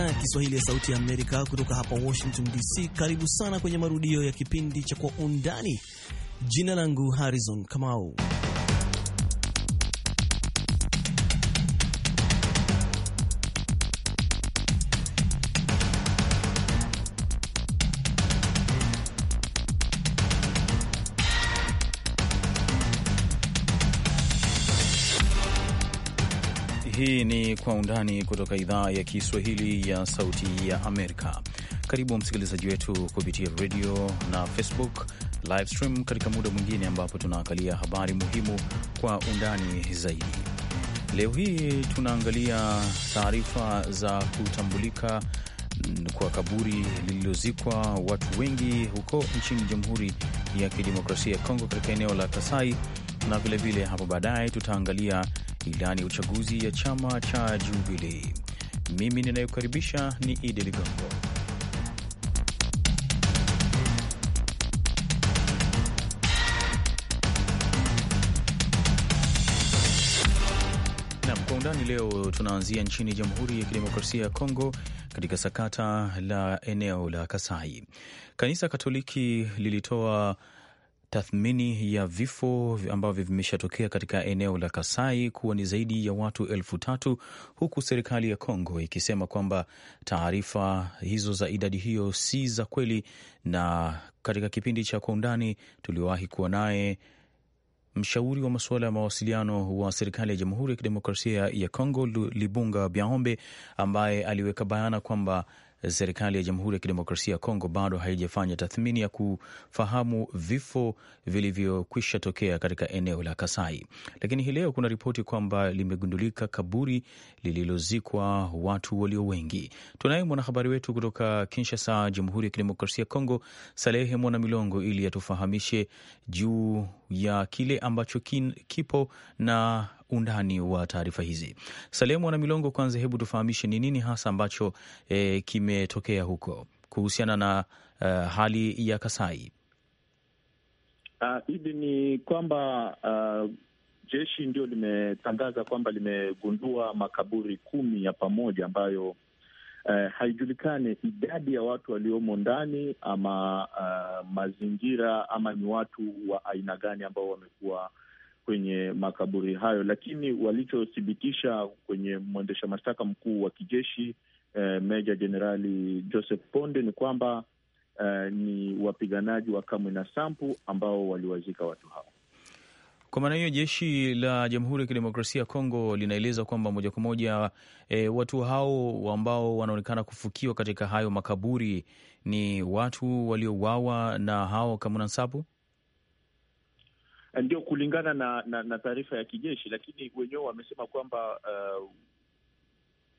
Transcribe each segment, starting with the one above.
idhaa ya Kiswahili ya Sauti ya Amerika kutoka hapa Washington DC. Karibu sana kwenye marudio ya kipindi cha Kwa Undani. Jina langu Harrison Kamau. Kwa Undani kutoka idhaa ya Kiswahili ya Sauti ya Amerika. Karibu msikilizaji wetu kupitia radio na Facebook live stream katika muda mwingine ambapo tunaangalia habari muhimu kwa undani zaidi. Leo hii tunaangalia taarifa za kutambulika kwa kaburi lililozikwa watu wengi huko nchini Jamhuri ya Kidemokrasia ya Kongo katika eneo la Kasai, na vilevile hapo baadaye tutaangalia ilani ya uchaguzi ya chama cha Jubilii. Mimi ninayokaribisha ni Idi Ligongo. Undani leo tunaanzia nchini Jamhuri ya Kidemokrasia ya Kongo katika sakata la eneo la Kasai. Kanisa Katoliki lilitoa tathmini ya vifo ambavyo vimeshatokea katika eneo la Kasai kuwa ni zaidi ya watu elfu tatu huku serikali ya Kongo ikisema kwamba taarifa hizo za idadi hiyo si za kweli. Na katika kipindi cha Kwa Undani tuliowahi kuwa naye mshauri wa masuala ya mawasiliano wa serikali ya Jamhuri ya Kidemokrasia ya Kongo Libunga Biaombe ambaye aliweka bayana kwamba serikali ya Jamhuri ya Kidemokrasia ya Kongo bado haijafanya tathmini ya kufahamu vifo vilivyokwisha tokea katika eneo la Kasai, lakini hii leo kuna ripoti kwamba limegundulika kaburi lililozikwa watu walio wengi. Tunaye mwanahabari wetu kutoka Kinshasa, Jamhuri ya Kidemokrasia ya Kongo, Salehe Mwana Milongo, ili atufahamishe juu ya kile ambacho kin, kipo na undani wa taarifa hizi. Salemu na Milongo, kwanza hebu tufahamishe ni nini hasa ambacho e, kimetokea huko kuhusiana na uh, hali ya Kasai. Uh, ni kwamba uh, jeshi ndio limetangaza kwamba limegundua makaburi kumi ya pamoja ambayo eh, haijulikani idadi ya watu waliomo ndani ama uh, mazingira ama ni watu wa aina gani ambao wamekuwa kwenye makaburi hayo, lakini walichothibitisha kwenye mwendesha mashtaka mkuu wa kijeshi eh, Meja Jenerali Joseph Ponde ni kwamba eh, ni wapiganaji wa Kamwe na Sampu ambao waliwazika watu hao. Kwa maana hiyo jeshi la Jamhuri ya Kidemokrasia ya Kongo linaeleza kwamba moja kwa moja e, watu hao ambao wanaonekana kufukiwa katika hayo makaburi ni watu waliouawa na hao Kamuna Nsapu, ndio kulingana na, na, na taarifa ya kijeshi, lakini wenyewe wamesema kwamba uh,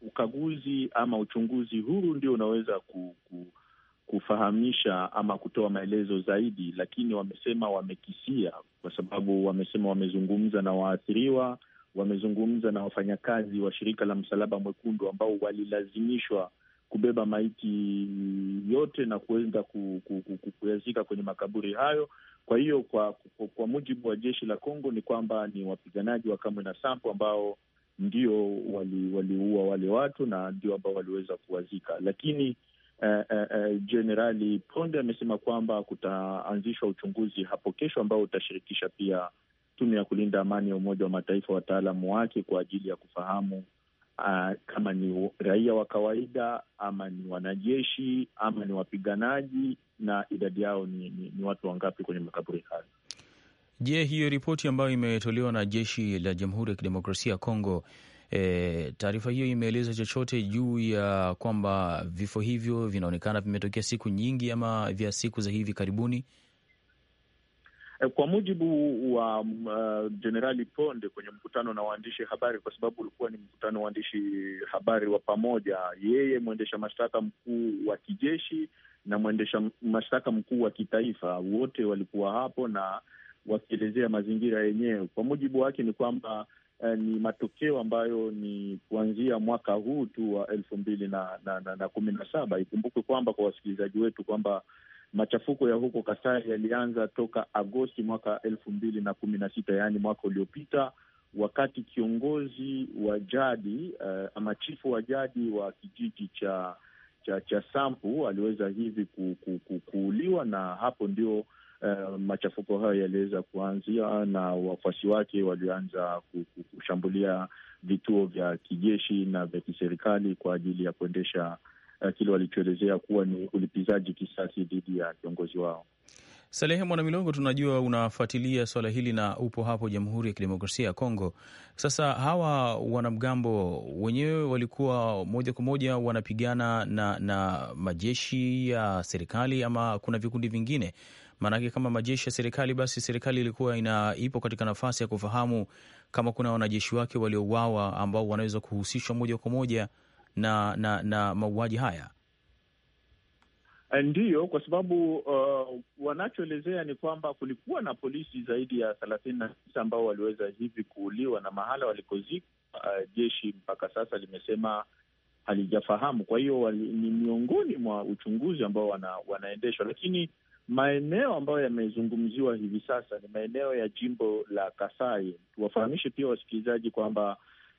ukaguzi ama uchunguzi huru ndio unaweza ku, ku kufahamisha ama kutoa maelezo zaidi, lakini wamesema wamekisia, kwa sababu wamesema wamezungumza na waathiriwa, wamezungumza na wafanyakazi wa shirika la Msalaba Mwekundu ambao walilazimishwa kubeba maiti yote na kuenda kuyazika kwenye makaburi hayo. Kwa hiyo kwa, kwa, kwa mujibu wa jeshi la Kongo ni kwamba ni wapiganaji wa Kamwina Nsapu ambao ndio waliua wali wale watu na ndio ambao waliweza kuwazika, lakini Jenerali eh, eh, eh, uh, uh, Ponde amesema kwamba kutaanzishwa uchunguzi hapo kesho ambao utashirikisha pia tume ya kulinda amani ya Umoja wa Mataifa, wataalamu wake kwa ajili ya kufahamu uh, kama ni raia wa kawaida ama ni wanajeshi ama ni wapiganaji na idadi yao ni, ni, ni watu wangapi kwenye makaburi hayo. Je, hiyo ripoti ambayo imetolewa na jeshi la Jamhuri ya Kidemokrasia ya Kongo E, taarifa hiyo imeeleza chochote juu ya kwamba vifo hivyo vinaonekana vimetokea siku nyingi ama vya siku za hivi karibuni? E, kwa mujibu wa Jenerali e, uh, Ponde kwenye mkutano na waandishi habari, kwa sababu ulikuwa ni mkutano wa waandishi habari wa pamoja, yeye mwendesha mashtaka mkuu wa kijeshi na mwendesha mashtaka mkuu wa kitaifa, wote walikuwa hapo na wakielezea mazingira yenyewe. Kwa mujibu wake ni kwamba Eh, ni matokeo ambayo ni kuanzia mwaka huu tu wa elfu mbili na, na, na, na kumi na saba. Ikumbukwe kwamba kwa wasikilizaji wetu kwamba machafuko ya huko Kasai yalianza toka Agosti mwaka elfu mbili na kumi na sita, yaani mwaka uliopita, wakati kiongozi wa jadi uh, ama chifu wa jadi wa kijiji cha cha, cha Sampu aliweza hivi ku, ku, ku, kuuliwa na hapo ndio Eh, machafuko hayo yaliweza kuanzia na wafuasi wake walioanza kushambulia vituo vya kijeshi na vya kiserikali kwa ajili ya kuendesha uh, kile walichoelezea kuwa ni ulipizaji kisasi dhidi ya kiongozi wao. Salehe Mwana Milongo, tunajua unafuatilia swala hili na upo hapo Jamhuri ya Kidemokrasia ya Kongo. Sasa hawa wanamgambo wenyewe walikuwa moja kwa moja wanapigana na, na majeshi ya serikali ama kuna vikundi vingine Maanake kama majeshi ya serikali, basi serikali ilikuwa ina ipo katika nafasi ya kufahamu kama kuna wanajeshi wake waliouawa ambao wanaweza kuhusishwa moja kwa moja na, na, na mauaji haya. Eh, ndiyo, kwa sababu uh, wanachoelezea ni kwamba kulikuwa na polisi zaidi ya thelathini na tisa ambao waliweza hivi kuuliwa na mahala walikozikwa, uh, jeshi mpaka sasa limesema halijafahamu. Kwa hiyo ni miongoni mwa uchunguzi ambao wana, wanaendeshwa, lakini maeneo ambayo yamezungumziwa hivi sasa ni maeneo ya jimbo la Kasai. Tuwafahamishe pia wasikilizaji kwamba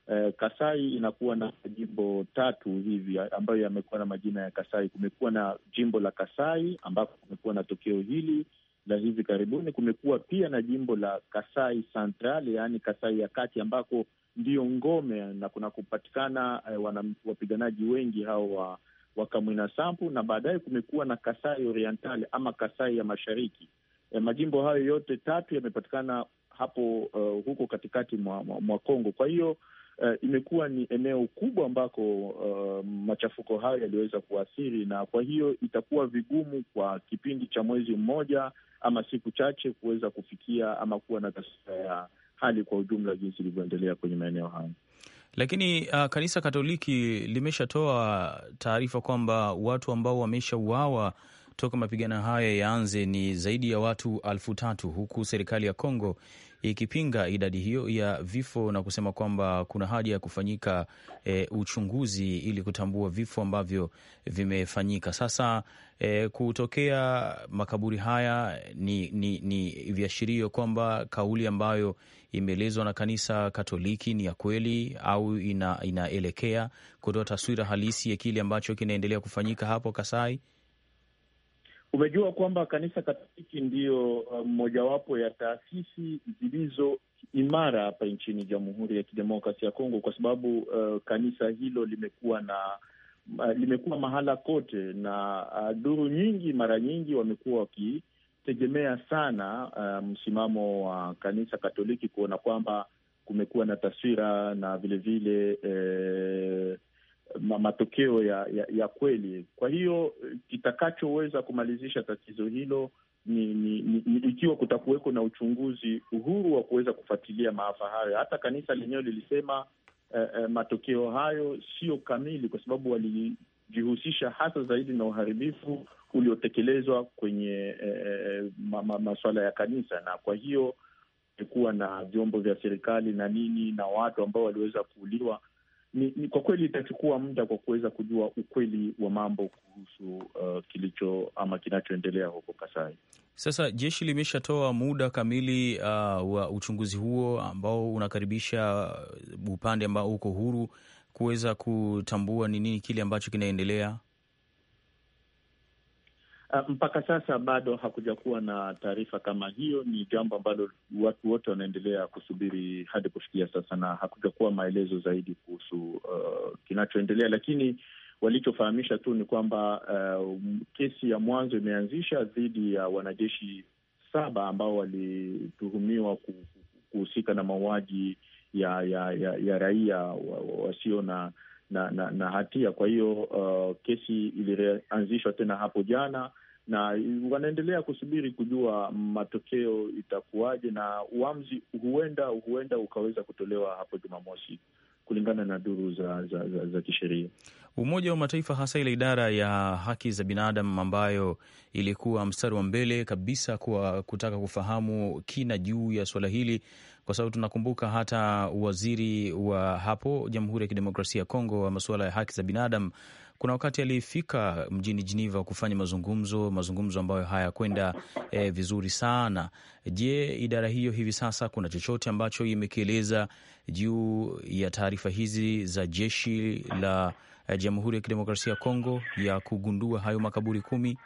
eh, Kasai inakuwa na majimbo tatu hivi ambayo yamekuwa na majina ya Kasai. Kumekuwa na jimbo la Kasai ambapo kumekuwa na tokeo hili la hivi karibuni. Kumekuwa pia na jimbo la Kasai Central, yaani Kasai ya kati, ambako ndiyo ngome na kuna kupatikana eh, wapiganaji wengi hao wa Wakamwina sampu na baadaye kumekuwa na Kasai Oriental ama Kasai ya Mashariki. E, majimbo hayo yote tatu yamepatikana hapo uh, huko katikati mwa, mwa Kongo. Kwa hiyo uh, imekuwa ni eneo kubwa ambako uh, machafuko hayo yaliweza kuathiri, na kwa hiyo itakuwa vigumu kwa kipindi cha mwezi mmoja ama siku chache kuweza kufikia ama kuwa na taswira ya hali kwa ujumla jinsi ilivyoendelea kwenye maeneo hayo. Lakini uh, kanisa Katoliki limeshatoa taarifa kwamba watu ambao wameshauawa toka mapigano haya yaanze ni zaidi ya watu alfu tatu huku serikali ya Kongo ikipinga idadi hiyo ya vifo na kusema kwamba kuna haja ya kufanyika e, uchunguzi ili kutambua vifo ambavyo vimefanyika. Sasa e, kutokea makaburi haya ni, ni, ni viashirio kwamba kauli ambayo imeelezwa na kanisa Katoliki ni ya kweli au ina, inaelekea kutoa taswira halisi ya kile ambacho kinaendelea kufanyika hapo Kasai? Umejua kwamba kanisa Katoliki ndiyo uh, mojawapo um, ya taasisi zilizo imara hapa nchini Jamhuri ya Kidemokrasia ya Kongo kwa sababu uh, kanisa hilo limekuwa na uh, limekuwa mahala kote na uh, duru nyingi mara nyingi wamekuwa wakitegemea sana uh, msimamo wa wa kanisa Katoliki kuona kwamba kumekuwa na taswira na vilevile vile, eh, matokeo ya, ya, ya kweli. Kwa hiyo kitakachoweza kumalizisha tatizo hilo ni, ni, ni, ni ikiwa kutakuweko na uchunguzi uhuru wa kuweza kufuatilia maafa hayo. Hata kanisa lenyewe lilisema eh, eh, matokeo hayo sio kamili, kwa sababu walijihusisha hasa zaidi na uharibifu uliotekelezwa kwenye eh, ma, ma, masuala ya kanisa, na kwa hiyo kuwa na vyombo vya serikali na nini na watu ambao waliweza kuuliwa ni, ni kwa kweli itachukua muda kwa kuweza kujua ukweli wa mambo kuhusu uh, kilicho ama kinachoendelea huko Kasai. Sasa jeshi limeshatoa muda kamili uh, wa uchunguzi huo ambao unakaribisha uh, upande ambao uko huru kuweza kutambua ni nini kile ambacho kinaendelea. Uh, mpaka sasa bado hakuja kuwa na taarifa kama hiyo. Ni jambo ambalo watu wote wanaendelea kusubiri hadi kufikia sasa, na hakuja kuwa maelezo zaidi kuhusu uh, kinachoendelea, lakini walichofahamisha tu ni kwamba uh, kesi ya mwanzo imeanzisha dhidi ya wanajeshi saba ambao walituhumiwa kuhusika na mauaji ya, ya, ya, ya raia wasio na na, na na hatia. Kwa hiyo uh, kesi ilianzishwa tena hapo jana na wanaendelea kusubiri kujua matokeo itakuwaje, na uamuzi huenda huenda ukaweza kutolewa hapo Jumamosi kulingana na duru za, za, za, za kisheria. Umoja wa Mataifa, hasa ile idara ya haki za binadamu ambayo ilikuwa mstari wa mbele kabisa kwa kutaka kufahamu kina juu ya suala hili, kwa sababu tunakumbuka hata waziri wa hapo Jamhuri ya Kidemokrasia ya Kongo wa masuala ya haki za binadamu kuna wakati alifika mjini Geneva kufanya mazungumzo, mazungumzo ambayo hayakwenda e, vizuri sana. Je, idara hiyo hivi sasa kuna chochote ambacho imekieleza juu ya taarifa hizi za jeshi la eh, Jamhuri ya Kidemokrasia ya Kongo ya kugundua hayo makaburi kumi?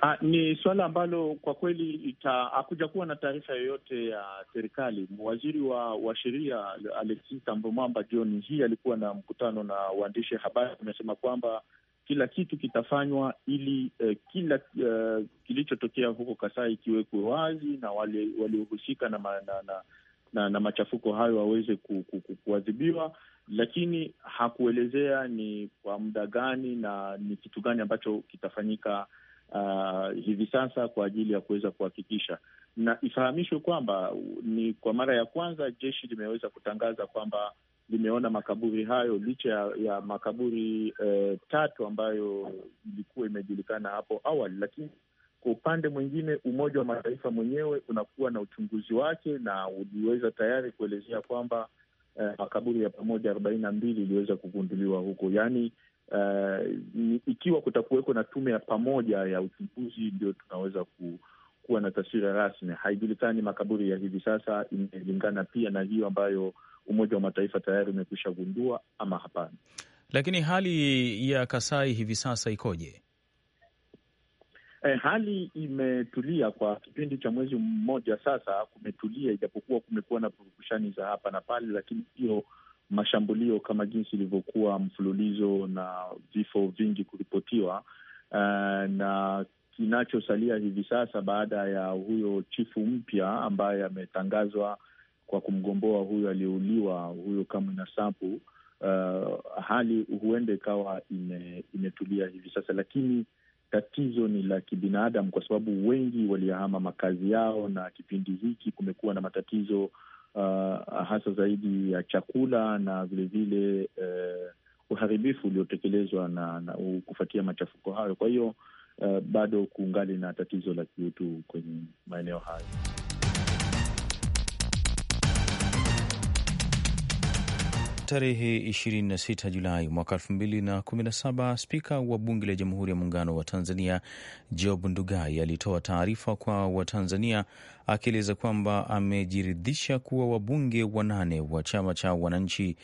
Ha, ah, ni suala ambalo kwa kweli hakuja kuwa na taarifa yoyote ya serikali. Waziri wa, wa sheria Alexis Thambwe Mwamba jioni hii alikuwa na mkutano na waandishi habari, amesema kwamba kila kitu kitafanywa ili eh, kila eh, kilichotokea huko Kasai kiwekwe wazi na wale waliohusika na, na, na, na, na machafuko hayo waweze ku, ku, ku, kuadhibiwa, lakini hakuelezea ni kwa muda gani na ni kitu gani ambacho kitafanyika uh, hivi sasa kwa ajili ya kuweza kuhakikisha, na ifahamishwe kwamba ni kwa mara ya kwanza jeshi limeweza kutangaza kwamba limeona makaburi hayo licha ya, ya makaburi eh, tatu ambayo ilikuwa imejulikana hapo awali. Lakini kwa upande mwingine, Umoja wa Mataifa mwenyewe unakuwa na uchunguzi wake na uliweza tayari kuelezea kwamba eh, makaburi ya pamoja arobaini na mbili iliweza kugunduliwa huko, yaani uh, ikiwa kutakuweko na tume ya pamoja ya uchunguzi, ndio tunaweza ku, kuwa na taswira rasmi. Haijulikani makaburi ya hivi sasa imelingana pia na hiyo ambayo Umoja wa Mataifa tayari umekwisha gundua ama hapana. Lakini hali ya Kasai hivi sasa ikoje? Eh, hali imetulia kwa kipindi cha mwezi mmoja sasa, kumetulia, ijapokuwa kumekuwa na purukushani za hapa na pale, lakini hiyo mashambulio kama jinsi ilivyokuwa mfululizo na vifo vingi kuripotiwa. Uh, na kinachosalia hivi sasa baada ya huyo chifu mpya ambaye ametangazwa kwa kumgomboa huyo aliyeuliwa huyo na sapu uh, eh, hali huenda ikawa imetulia hivi sasa, lakini tatizo ni la kibinadamu, kwa sababu wengi waliyahama makazi yao, na kipindi hiki kumekuwa na matatizo uh, hasa zaidi ya chakula na vilevile uh, uharibifu uliotekelezwa na, na kufuatia machafuko hayo. Kwa hiyo uh, bado kuungali na tatizo la kiutu kwenye maeneo hayo. Tarehe 26 Julai mwaka 2017, spika wa bunge la Jamhuri ya Muungano wa Tanzania Job Ndugai alitoa taarifa kwa Watanzania akieleza kwamba amejiridhisha kuwa wabunge wanane wa chama cha wananchi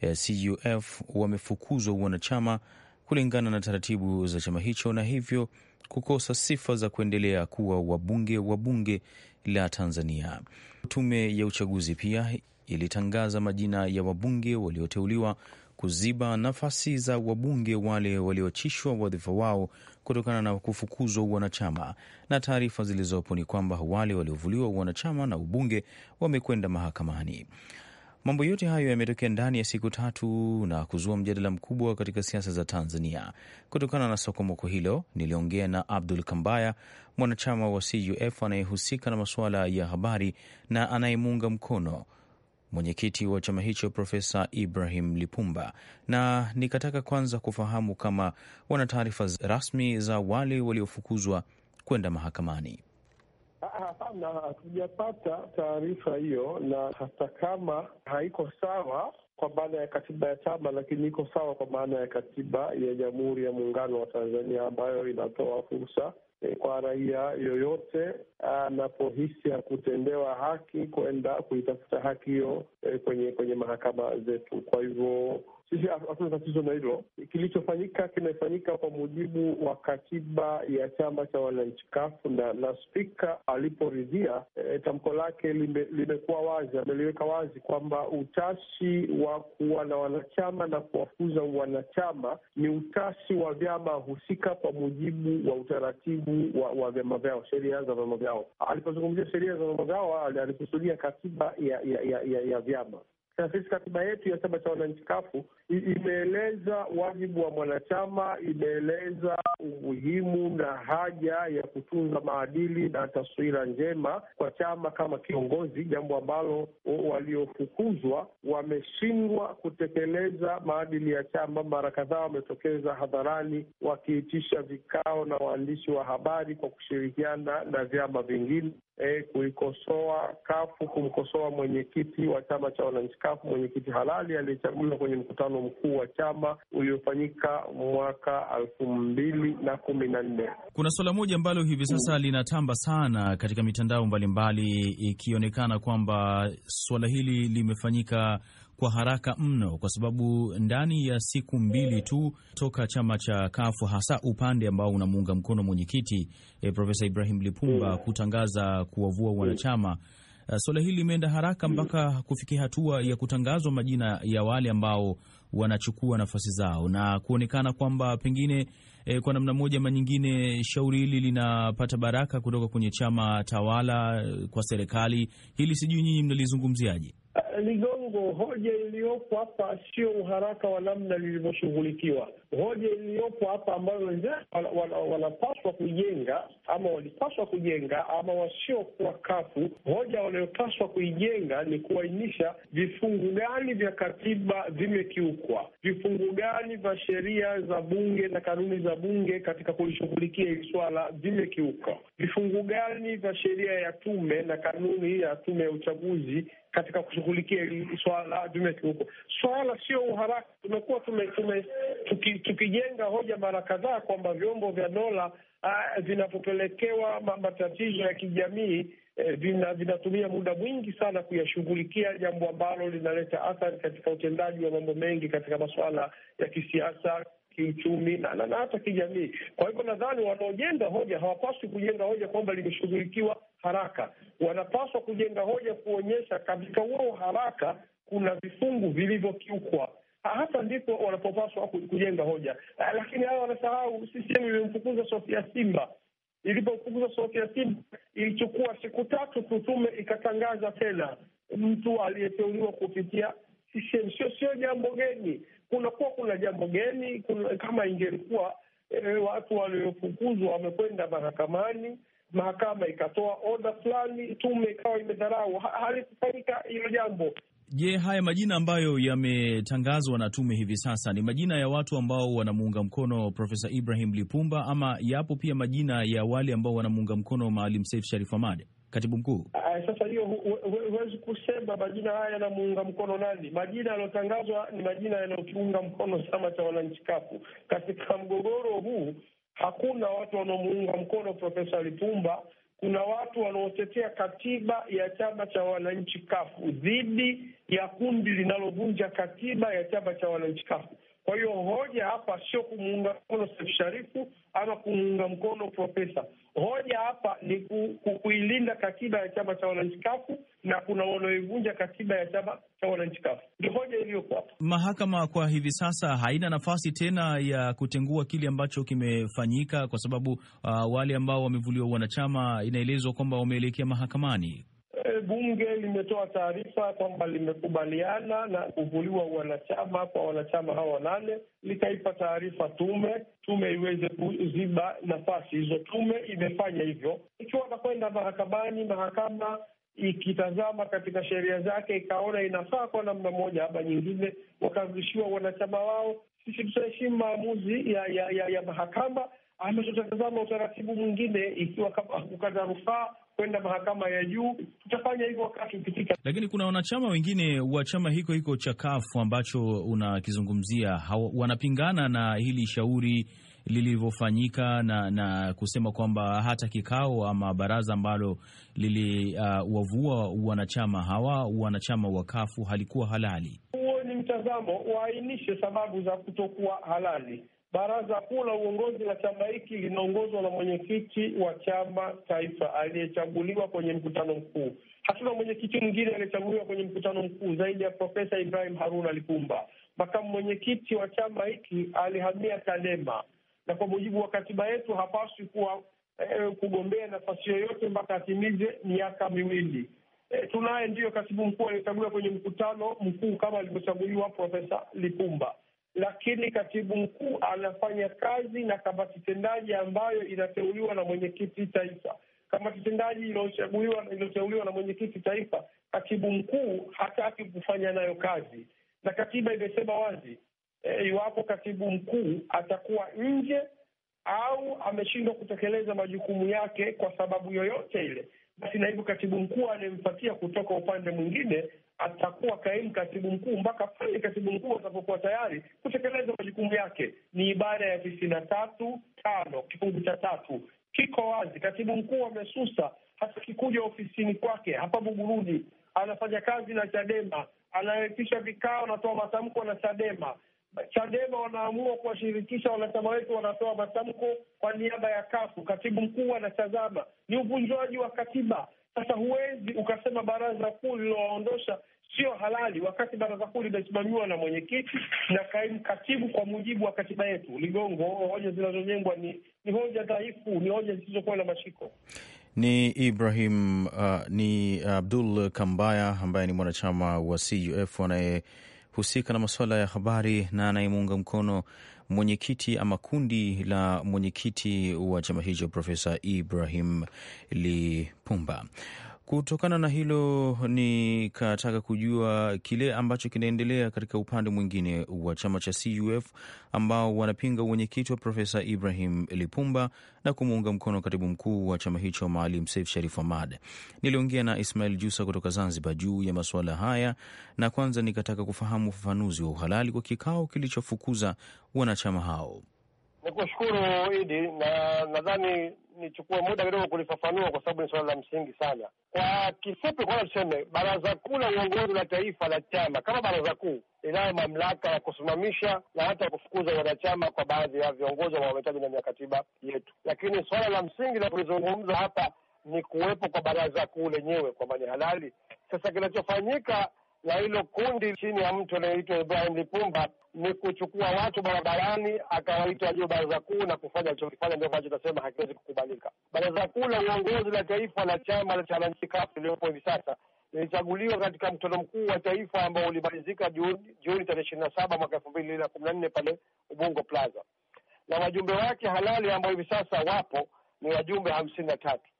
eh, CUF wamefukuzwa wanachama kulingana na taratibu za chama hicho na hivyo kukosa sifa za kuendelea kuwa wabunge wa bunge la Tanzania. Tume ya uchaguzi pia ilitangaza majina ya wabunge walioteuliwa kuziba nafasi za wabunge wale walioachishwa wadhifa wao kutokana na kufukuzwa uwanachama, na taarifa zilizopo ni kwamba wale waliovuliwa uwanachama na ubunge wamekwenda mahakamani. Mambo yote hayo yametokea ndani ya siku tatu na kuzua mjadala mkubwa katika siasa za Tanzania. Kutokana na sokomoko hilo, niliongea na Abdul Kambaya, mwanachama wa CUF anayehusika na masuala ya habari na anayemuunga mkono mwenyekiti wa chama hicho Profesa Ibrahim Lipumba, na nikataka kwanza kufahamu kama wana taarifa rasmi za wale waliofukuzwa kwenda mahakamani. Hapana, hatujapata taarifa hiyo, na hata kama haiko sawa kwa maana ya katiba ya chama, lakini iko sawa kwa maana ya katiba ya Jamhuri ya Muungano wa Tanzania ambayo inatoa fursa Eh, kwa raia yoyote anapohisi ya kutendewa haki kwenda kuitafuta haki hiyo eh, kwenye kwenye mahakama zetu. Kwa hivyo sisi hatuna tatizo na hilo. Kilichofanyika kimefanyika kwa mujibu wa katiba ya chama cha wananchi kafu, na na spika aliporidhia, e, tamko lake limekuwa wazi, ameliweka wazi kwamba utashi wa kuwa na wanachama na kuwafuza wanachama ni utashi wa vyama husika kwa mujibu wa utaratibu wa, wa vyama vyao, sheria za vyama vyao. Alipozungumzia sheria za vyama vyao alikusudia katiba ya, ya, ya, ya, ya vyama na sisi katiba yetu ya chama cha wananchi kafu imeeleza wajibu wa mwanachama, imeeleza umuhimu na haja ya kutunza maadili na taswira njema kwa chama kama kiongozi, jambo ambalo waliofukuzwa wameshindwa kutekeleza maadili ya chama. Mara kadhaa wametokeza hadharani wakiitisha vikao na waandishi wa habari kwa kushirikiana na vyama vingine eh, kuikosoa kafu, kumkosoa mwenyekiti wa chama cha wananchi kafu, mwenyekiti halali aliyechaguliwa kwenye mkutano mkuu wa chama uliofanyika mwaka elfu mbili na kumi na nne. Kuna suala moja ambalo hivi sasa mm. linatamba sana katika mitandao mbalimbali, ikionekana kwamba suala hili limefanyika kwa haraka mno, kwa sababu ndani ya siku mbili tu toka chama cha Kafu, hasa upande ambao unamuunga mkono mwenyekiti eh, Profesa Ibrahim Lipumba mm. kutangaza kuwavua wanachama eh, Suala hili limeenda haraka mm. mpaka kufikia hatua ya kutangazwa majina ya wale ambao wanachukua nafasi zao na kuonekana kwamba pengine e, kwa namna moja ama nyingine shauri hili linapata baraka kutoka kwenye chama tawala eh, kwa serikali. Hili sijui nyinyi mnalizungumziaje? Eh, Ligongo, hoja iliyopo hapa sio uharaka wa namna lilivyoshughulikiwa. Hoja iliyopo hapa ambayo wenzao wanapaswa kuijenga ama walipaswa kujenga ama wasiokuwa kafu, hoja wanayopaswa kuijenga ni kuainisha vifungu gani vya katiba vimekiukwa, vifungu gani vya sheria za bunge na kanuni za bunge katika kulishughulikia hili swala vimekiukwa, vifungu gani vya sheria ya tume na kanuni ya tume ya uchaguzi katika kushughulikia swala la huko. Swala sio uharaka. Tumekuwa tume- tuki, tukijenga hoja mara kadhaa kwamba vyombo vya dola ah, vinapopelekewa matatizo ya kijamii eh, vina, vinatumia muda mwingi sana kuyashughulikia, jambo ambalo linaleta athari katika utendaji wa mambo mengi katika masuala ya kisiasa kiuchumi na, na, na hata kijamii. Kwa hivyo nadhani wanaojenga hoja hawapaswi kujenga hoja kwamba limeshughulikiwa haraka. Wanapaswa kujenga hoja kuonyesha katika huo haraka kuna vifungu vilivyokiukwa. Hapa ndipo wanapopaswa kujenga hoja, ah, lakini hayo wanasahau. CCM imemfukuza Sofia Simba. Ilipomfukuza Sofia Simba, ilichukua siku tatu tu tume ikatangaza tena mtu aliyeteuliwa kupitia CCM. Sio sio jambo geni, kunakuwa kuna jambo geni kuna, kama ingelikuwa e, watu waliofukuzwa wamekwenda mahakamani mahakama ikatoa oda fulani, tume ikawa imedharau, halikufanyika hilo jambo. Je, haya majina ambayo yametangazwa na tume hivi sasa ni majina ya watu ambao wanamuunga mkono Profesa Ibrahim Lipumba ama yapo pia majina ya wale ambao wanamuunga mkono Maalim Seif Sharif Hamad, katibu mkuu? Ah, ah, sasa hiyo huwezi kusema majina haya yanamuunga mkono nani. Majina yaliyotangazwa ni majina yanayokiunga mkono chama cha wananchi kafu katika mgogoro huu hakuna watu wanaomuunga mkono Profesa Lipumba. Kuna watu wanaotetea katiba ya chama cha wananchi kafu dhidi ya kundi linalovunja katiba ya chama cha wananchi kafu. Kwa hiyo hoja hapa sio kumuunga mkono Seif Sharifu ama kumuunga mkono profesa. Hoja hapa ni kuilinda katiba ya chama cha wananchi kafu na kuna wanaoivunja katiba ya chama cha wananchi kafu, ndio hoja iliyoko hapa. Mahakama kwa hivi sasa haina nafasi tena ya kutengua kile ambacho kimefanyika, kwa sababu uh, wale ambao wamevuliwa wanachama inaelezwa kwamba wameelekea mahakamani bunge limetoa taarifa kwamba limekubaliana na kuvuliwa wanachama kwa wanachama hao wanane, likaipa taarifa tume, tume iweze kuziba nafasi hizo. Tume imefanya hivyo. Ikiwa atakwenda mahakamani, mahakama ikitazama katika sheria zake ikaona inafaa kwa namna moja ama nyingine, wakarudishiwa wanachama wao. Sisi tutaheshimu maamuzi ya, ya, ya, ya mahakama. Ama tutatazama utaratibu mwingine, ikiwa kukata rufaa kwenda mahakama ya juu. Tutafanya hivyo wakati ukifika. Lakini kuna wanachama wengine wa chama hiko hiko cha kafu ambacho unakizungumzia wanapingana na hili shauri lilivyofanyika na, na kusema kwamba hata kikao ama baraza ambalo liliwavua uh, wanachama hawa wanachama wa kafu halikuwa halali. Huo ni mtazamo, waainishe sababu za kutokuwa halali Baraza kuu la uongozi la chama hiki linaongozwa na mwenyekiti wa chama taifa aliyechaguliwa kwenye mkutano mkuu. Hatuna mwenyekiti mwingine aliyechaguliwa kwenye mkutano mkuu zaidi ya Profesa Ibrahim Haruna Lipumba. Makamu mwenyekiti wa chama hiki alihamia Chadema, na kwa mujibu wa katiba yetu hapaswi kuwa eh, kugombea nafasi yoyote mpaka atimize miaka miwili. Eh, tunaye ndiyo katibu mkuu aliyechaguliwa kwenye mkutano mkuu kama alivyochaguliwa Profesa Lipumba lakini katibu mkuu anafanya kazi na kamati tendaji ambayo inateuliwa na mwenyekiti taifa. Kamati tendaji iliyoteuliwa na mwenyekiti taifa, katibu mkuu hataki kufanya nayo kazi, na katiba imesema wazi e, iwapo e, katibu mkuu atakuwa nje au ameshindwa kutekeleza majukumu yake kwa sababu yoyote ile, basi na hivyo katibu mkuu anayempatia kutoka upande mwingine atakuwa kaimu katibu mkuu mpaka pale katibu mkuu atakapokuwa tayari kutekeleza majukumu yake. Ni ibara ya tisini na tatu tano kifungu cha tatu kiko wazi. Katibu mkuu amesusa, hata kikuja ofisini kwake hapa Buguruni, anafanya kazi na Chadema, anaitisha vikao, anatoa matamko na Chadema. Chadema wanaamua kuwashirikisha wanachama wetu, wanatoa matamko kwa niaba ya kafu. Katibu mkuu anatazama, ni uvunjwaji wa katiba. Sasa huwezi ukasema baraza kuu lililowaondosha sio halali, wakati baraza kuu limesimamiwa na mwenyekiti na kaimu katibu kwa mujibu wa katiba yetu. Ligongo, hoja zinazojengwa ni, ni hoja dhaifu, ni hoja zisizokuwa na mashiko. Ni Ibrahim uh, ni Abdul Kambaya ambaye ni mwanachama wa CUF anayehusika na masuala ya habari na anayemuunga mkono mwenyekiti ama kundi la mwenyekiti wa chama hicho Profesa Ibrahim Lipumba. Kutokana na hilo nikataka kujua kile ambacho kinaendelea katika upande mwingine wa chama cha CUF ambao wanapinga uwenyekiti wa Profesa Ibrahim Lipumba na kumuunga mkono katibu mkuu wa chama hicho Maalim Seif Sharif Hamad. Niliongea na Ismail Jusa kutoka Zanzibar juu ya masuala haya, na kwanza nikataka kufahamu ufafanuzi wa uhalali kwa kikao kilichofukuza wanachama hao. Nikushukuru eh, Idi, na nadhani nichukue muda kidogo kulifafanua kwa sababu ni suala la msingi sana. Kwa kifupi, kwanza tuseme baraza kuu la uongozi la taifa la chama kama baraza kuu inayo mamlaka ya kusimamisha na hata kufukuza wanachama kwa baadhi ya viongozi wanaohitaji ndani ya katiba yetu, lakini suala la msingi la kulizungumza hapa ni kuwepo kwa baraza kuu lenyewe kwamba ni halali. Sasa kinachofanyika na hilo kundi chini ya mtu anayeitwa Ibrahim Lipumba ni kuchukua watu barabarani akawaita juu baraza kuu na kufanya alichokifanya, ndio ambacho tunasema hakiwezi kukubalika. Baraza kuu la uongozi la taifa la chama cha wananchi CUF iliyopo hivi sasa lilichaguliwa katika mkutano mkuu wa taifa ambao ulimalizika Juni tarehe ishirini na saba mwaka elfu mbili na kumi na nne pale Ubungo Plaza, na wajumbe wake halali ambao hivi sasa wapo ni wajumbe hamsini na tatu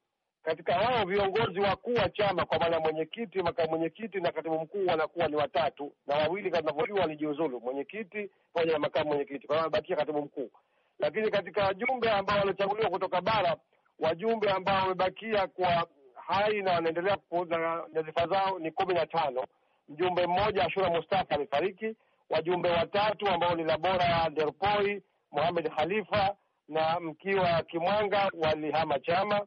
katika hao viongozi wakuu wa chama kwa maana mwenyekiti, makamu mwenyekiti na katibu mkuu wanakuwa ni watatu na wawili, kama walijiuzulu, mwenyekiti pamoja na makamu mwenyekiti, kwa maana bakia katibu mkuu. Lakini katika wajumbe ambao waliochaguliwa kutoka bara, wajumbe ambao wamebakia kwa hai na wanaendelea na nyadhifa zao ni kumi na tano. Mjumbe mmoja Ashura Mustafa amefariki. Wajumbe watatu ambao ni Labora Derpoi, Mohamed Khalifa na Mkiwa Kimwanga walihama chama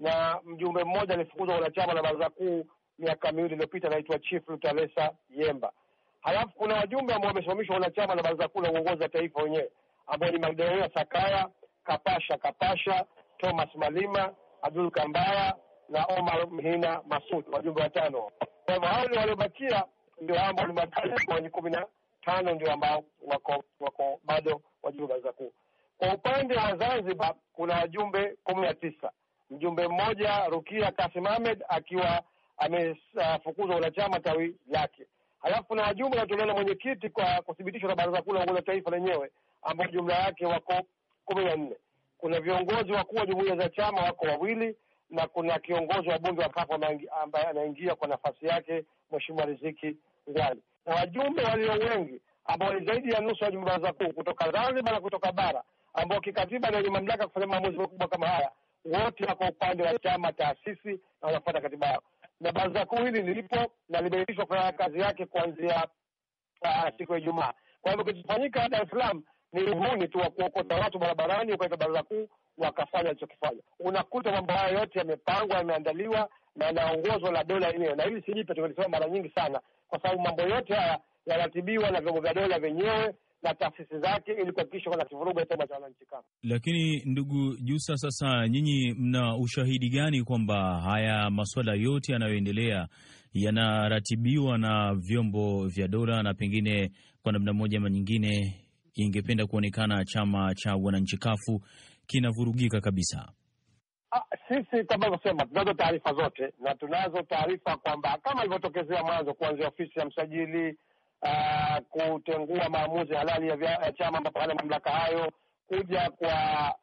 na mjumbe mmoja alifukuzwa wanachama na baraza kuu miaka miwili iliyopita, anaitwa Chief Lutalesa Yemba. Halafu kuna wajumbe ambao wamesimamishwa wanachama na baraza kuu la uongozi wa taifa wenyewe ambao ni Magdalena Sakaya, Kapasha Kapasha, Thomas Malima, Abdul Kambaya na Omar Mhina Masud, wajumbe watano. Kwa hivyo hao ndio waliobakia, ndio ambao ni mataifa wenye kumi na tano ndio ambao wako wako bado wajumbe wa baraza kuu. Kwa upande wa Zanzibar kuna wajumbe kumi na tisa mjumbe mmoja Rukia Kasim Ahmed akiwa amefukuzwa wanachama tawi lake. Halafu kuna wajumbe wanatolewa na mwenyekiti kwa kuthibitishwa na baraza kuu la uongozi wa taifa lenyewe ambao jumla yake wako kumi na nne. Kuna viongozi wakuu wa jumuiya za chama wako wawili, na kuna kiongozi wa bunge wa kafu ambaye anaingia kwa nafasi yake Mheshimiwa Riziki Zali, na wajumbe walio wengi ambao ni zaidi ya nusu ya wajumbe baraza kuu kutoka Zanzibar na kutoka bara ambao kikatiba ndio wenye mamlaka kufanya maamuzi makubwa kama haya wote wako upande wa chama taasisi na wanafuata katiba yao, na baraza kuu hili lilipo na limeitishwa kufanya kazi yake kuanzia uh, siku ya Ijumaa. Kwa hivyo kilichofanyika Dar es Salaam ni uhuni tu wa kuokota watu barabarani ukaita baraza kuu wakafanya alichokifanya. Unakuta mambo haya yote yamepangwa, yameandaliwa na yanaongozwa na dola yenyewe, na hili si jipya, tumelisema mara nyingi sana, kwa sababu mambo yote haya yanaratibiwa na vyombo vya dola vyenyewe na taasisi zake ili kuhakikisha kwamba kivuruga chama cha wananchi kafu. Lakini ndugu Jusa, sasa nyinyi mna ushahidi gani kwamba haya masuala yote yanayoendelea yanaratibiwa na vyombo vya dola na pengine kwa namna moja ama nyingine ingependa kuonekana chama cha wananchi kafu kinavurugika kabisa? Ah, sisi kama alivyosema tunazo taarifa zote na tunazo taarifa kwamba kama ilivyotokezea mwanzo kuanzia ofisi ya msajili uh, kutengua maamuzi halali ya, ya chama ambapo hana mamlaka hayo, kuja kwa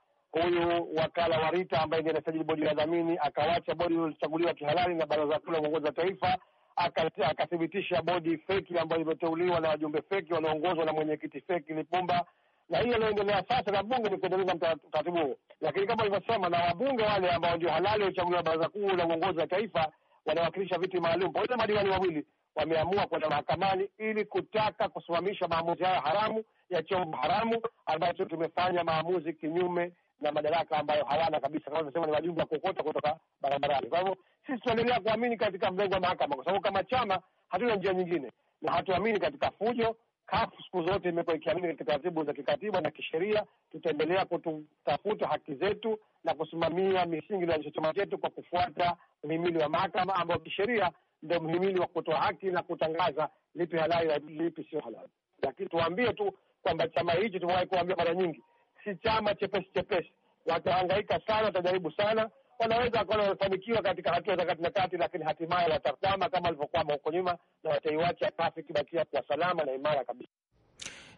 huyu wakala wa Rita ambaye ndiye anasajili bodi ya dhamini, akawacha bodi iliyochaguliwa kihalali na baraza kuu la uongozi wa taifa, akathibitisha bodi feki ambayo imeteuliwa na wajumbe feki wanaoongozwa na mwenyekiti feki Lipumba na hiyo inaendelea sasa na bunge ni kuendeleza mtaratibu huo, lakini kama walivyosema na wabunge wale ambao ndio halali wachaguliwa baraza kuu la uongozi wa taifa wanawakilisha viti maalum pamoja na madiwani wawili wameamua kwenda mahakamani ili kutaka kusimamisha maamuzi hayo haramu ya chombo haramu ambacho tumefanya maamuzi kinyume na madaraka ambayo hawana kabisa, kama tunasema ni wajumbe wa kokota kutoka barabarani. Kwa hivyo sisi tunaendelea kuamini katika mlengo wa mahakama, kwa sababu kama chama hatuna njia nyingine, na hatuamini katika fujo. Kafu siku zote imekuwa ikiamini katika taratibu za kikatiba na kisheria. Tutaendelea kutafuta haki zetu na kusimamia misingi ya chama chetu kwa kufuata mhimili wa mahakama ambao kisheria ndio mhimili wa kutoa haki na kutangaza lipi halali na lipi sio halali. Lakini tuambie tu kwamba chama hichi, tumewahi kuambia mara nyingi, si chama chepesi chepesi. Watahangaika sana, watajaribu sana, wanaweza wakaona wamefanikiwa katika hatua za kati na kati, lakini hatimaye watakwama kama walivyokwama huko nyuma, na wataiwacha trafiki bakia kuwa salama na imara kabisa.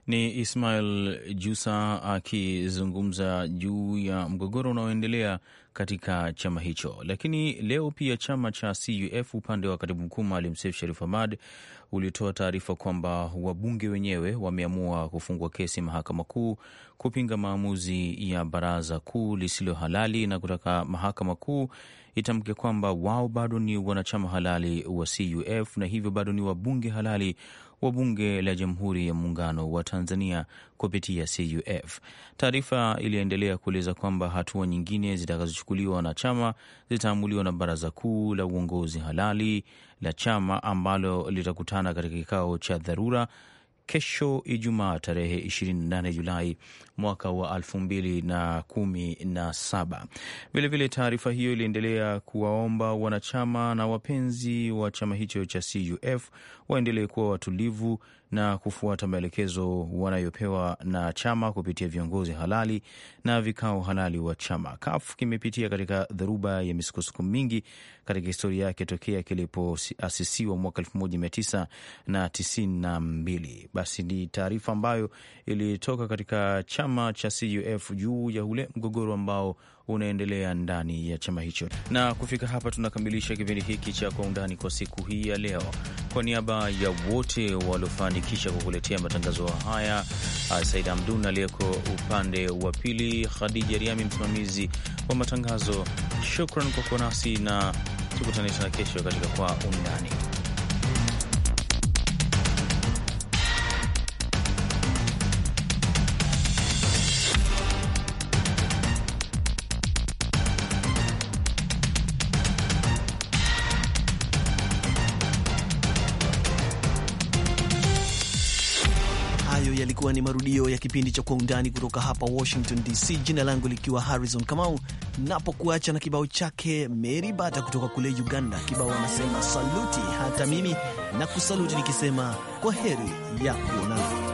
Ni Ismail Jusa akizungumza juu ya mgogoro unaoendelea katika chama hicho. Lakini leo pia chama cha CUF upande wa katibu mkuu Maalim Seif Sharif Hamad ulitoa taarifa kwamba wabunge wenyewe wameamua kufungua kesi mahakama kuu kupinga maamuzi ya baraza kuu lisilo halali na kutaka mahakama kuu itamke kwamba wao bado ni wanachama halali wa CUF na hivyo bado ni wabunge halali wa bunge la Jamhuri ya Muungano wa Tanzania kupitia CUF. Taarifa iliendelea kueleza kwamba hatua nyingine zitakazochukuliwa na chama zitaamuliwa na Baraza Kuu la Uongozi Halali la chama ambalo litakutana katika kikao cha dharura kesho Ijumaa tarehe 28 Julai mwaka wa 2017. Vilevile taarifa hiyo iliendelea kuwaomba wanachama na wapenzi wa chama hicho cha CUF waendelee kuwa watulivu na kufuata maelekezo wanayopewa na chama kupitia viongozi halali na vikao halali wa chama. CUF kimepitia katika dharuba ya misukosuko mingi katika historia yake tokea kilipoasisiwa mwaka mbili. Basi ni taarifa ambayo ilitoka katika chama cha CUF juu ya ule mgogoro ambao unaendelea ndani ya chama hicho. Na kufika hapa tunakamilisha kipindi hiki cha Kwa Undani kwa siku hii ya leo. Kwa niaba ya wote waliofanikisha kukuletea matangazo haya, uh, Said Amdun aliyeko upande wa pili, Khadija Riami msimamizi wa matangazo. Shukran kwa kuwa nasi na tukutane tena kesho katika Kwa Undani. kipindi cha Kwa Undani kutoka hapa Washington DC, jina langu likiwa Harrison Kamau, napokuacha na kibao chake Meri Bata kutoka kule Uganda. Kibao anasema saluti, hata mimi na kusaluti nikisema kwa heri ya kuonana.